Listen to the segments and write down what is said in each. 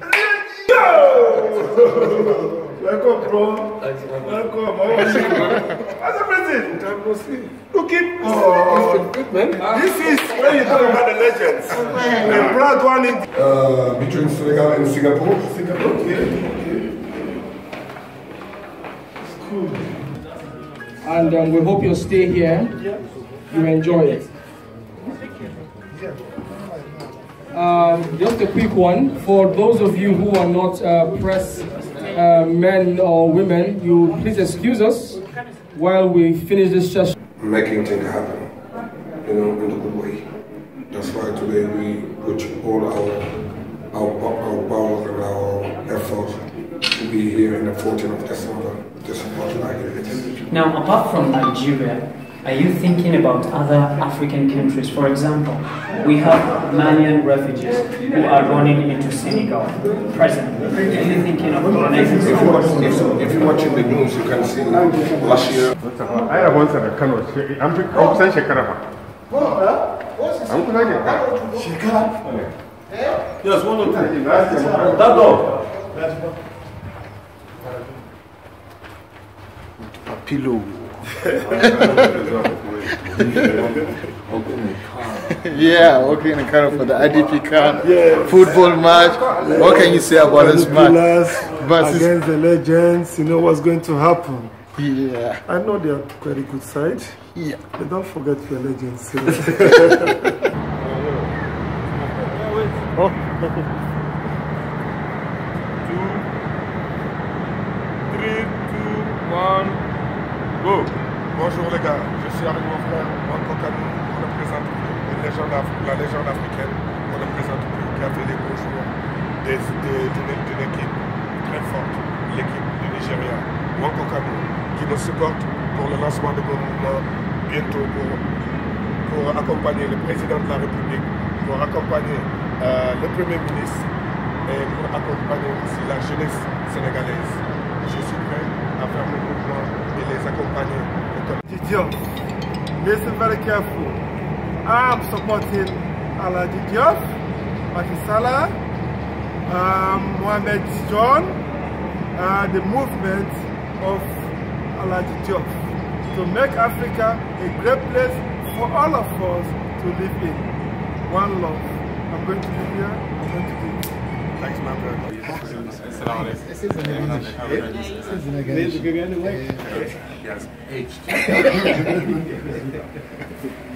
Let's go! Welcome, bro. Thanks, Welcome. How are you? How's everything? Time no see. Look at oh, good, man. This is where you talk about the legends. The proud one in uh, between Senegal and Singapore. Singapore, okay. It's cool. And um, we hope you'll stay here. Yeah. You enjoy it. Uh, just a quick one. For those of you who are not uh, press uh, men or women, you please excuse us while we finish this session. Making things happen, you know, in a good way. That's why today we put all our our, our power and our effort to be here in the 14th of December to support Nigeria. Now, apart from Nigeria, are you thinking about other African countries? For example, we have Malian refugees who are running into Senegal presently. Are you thinking of connecting? If, you watch, if, if you're watching the news, you can see last year. I have once a Kano. I'm from Shekarama. I'm from Shekarama. Shekarama? Yes, one of them. That dog. Pillow. yeah, okay, in the car for the IDP camp, yes. football match. What can you say about this match? against the legends, you know what's going to happen. Yeah. I know they are quite a good side. Yeah. But don't forget your legends. oh. Bonjour les gars, je suis avec mon frère on ne présente la légende africaine, on ne présente qui a fait les beaux jours d'une équipe très forte, l'équipe du Nigeria. qui nous supporte pour le lancement de mon mouvement bientôt pour, accompagner le président de la République, pour accompagner euh, le Premier ministre et pour accompagner aussi la jeunesse sénégalaise. Je suis prêt à faire le mouvement et les accompagner Doctor Didion. Listen very careful. I'm supporting Alaji Diop, Makisala, um, Mohamed John, uh, the movement of Alaji Diop to make Africa a great place for all of us to live in. One love. I'm going to be here, I'm going to here. Thanks, man, This is an amazing shape. This is an amazing shape. Yes, aged.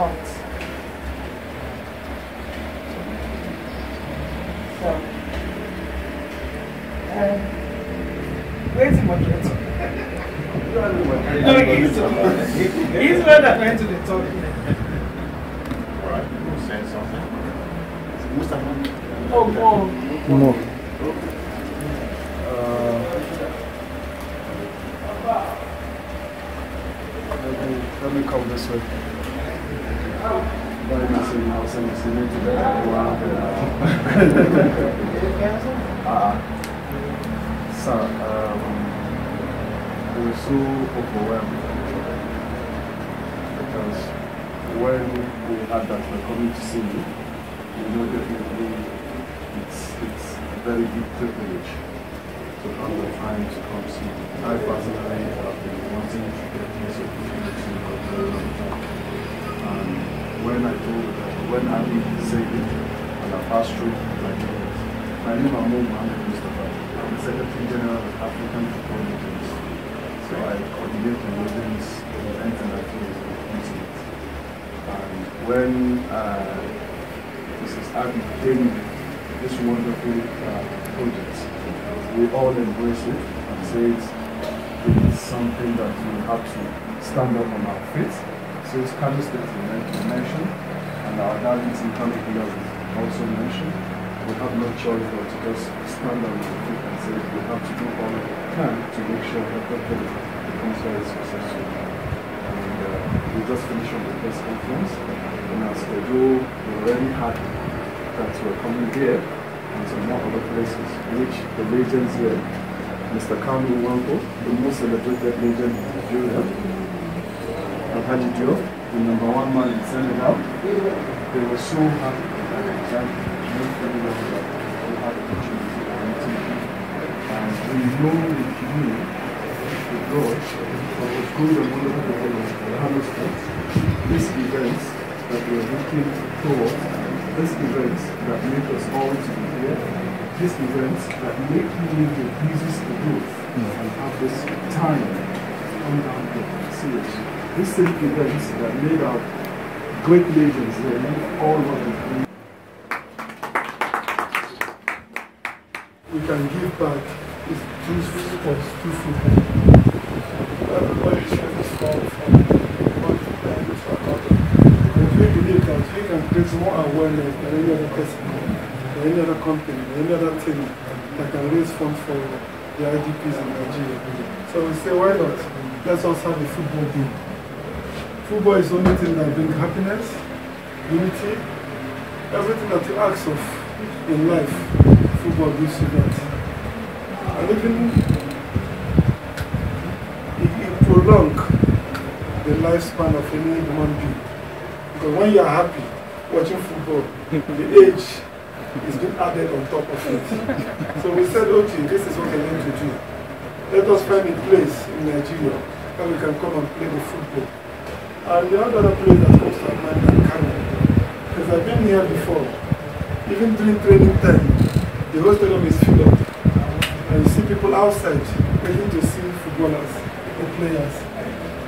hot. So, um, where's the moderator? no, he's, he's where that went to the top. Alright, who said something? Mustafa? Oh, more. Oh. Uh, let me, let me come this way. Probably not saying it's new today. Ah. So, um, we were so overwhelmed because when we had that we're coming to see you, you know definitely it's it's a very big privilege to have the time to come see you. I personally have been wanting to get this opportunity for a very long time when I told that when I need saving and I passed through my parents. My name is Mahmoud Mohammed Mustafa. I'm the Secretary General of African Football Meetings. So I coordinate the meetings, events and activities of And when uh, Mrs. Abby came this wonderful uh, project, we all embrace it and say it's something that we have to stand up on our feet since canisters is later mentioned, and our darlings in comic love also mentioned, we have no choice but to just stand on the feet and say we have to do all we can to make sure that Tokyo becomes very successful. And uh, we just finished on the press conference. In our schedule, we already had that were coming here and some more other places, which the legends here, Mr. Kamu Wango, the most celebrated legend in Nigeria, I've had a job. The number one man in Senegal. They were so happy that I decided to make everybody that they had the opportunity to meet me. And we know with you, with God, for the good and wonderful people of the Sports, these events that we are looking towards, these events that make us all to be here, these events that make you leave your business to do and have this time to come down here. Seriously these same events that made up great legends that made all over the country. We can give back is two sports, two football. Everybody should be small from one time to another. But we believe that we can create more awareness than any other person, than any other company, than any other thing that can raise funds for the IDPs in Nigeria. So we say, why not? Let's also have a football game. Football is only thing that brings happiness, unity, everything that you ask of in life, football gives you that. And even it, it prolongs the lifespan of any human being. Because when you are happy watching football, the age is being added on top of it. so we said, okay, this is what I need to do. Let us find a place in Nigeria where we can come and play the football. And uh, the other place that comes to mind than Canada. Because I've been here before. Even during training time, the hotel room is filled up. And you see people outside waiting to see footballers and players.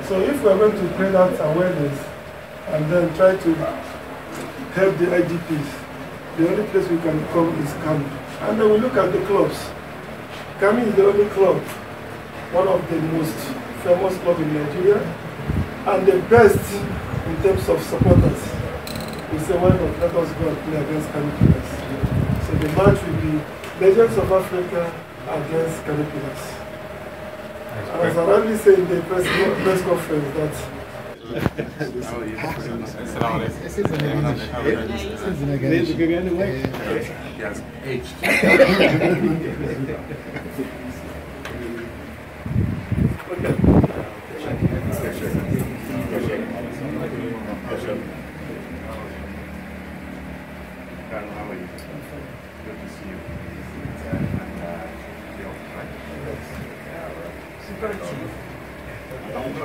So if we are going to create that awareness and then try to help the IDPs, the only place we can come is Kami. And then we look at the clubs. Kami is the only club, one of the most famous club in Nigeria, and the best in terms of supporters. is the why not let us go and play against Canopilas? So the match will be Legends of Africa against Canopilas. as I already said in the press, press conference that okay.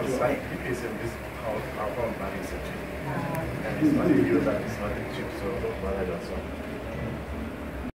because scientism is how our own money is achieved. And it's not the user, it's not the chip, so rather than so.